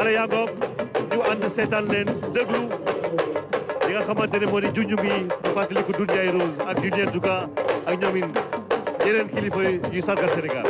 ana yagoog ñu ànd seetaan leen déglu li nga xamante ne moo ne junj ngi fàttaliku dunjay rose ak junien duka ak ñoomin yeneen kilifa yu sàggal sénégal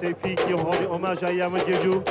ces filles qui ont rendu hommage à Yama Djedjou.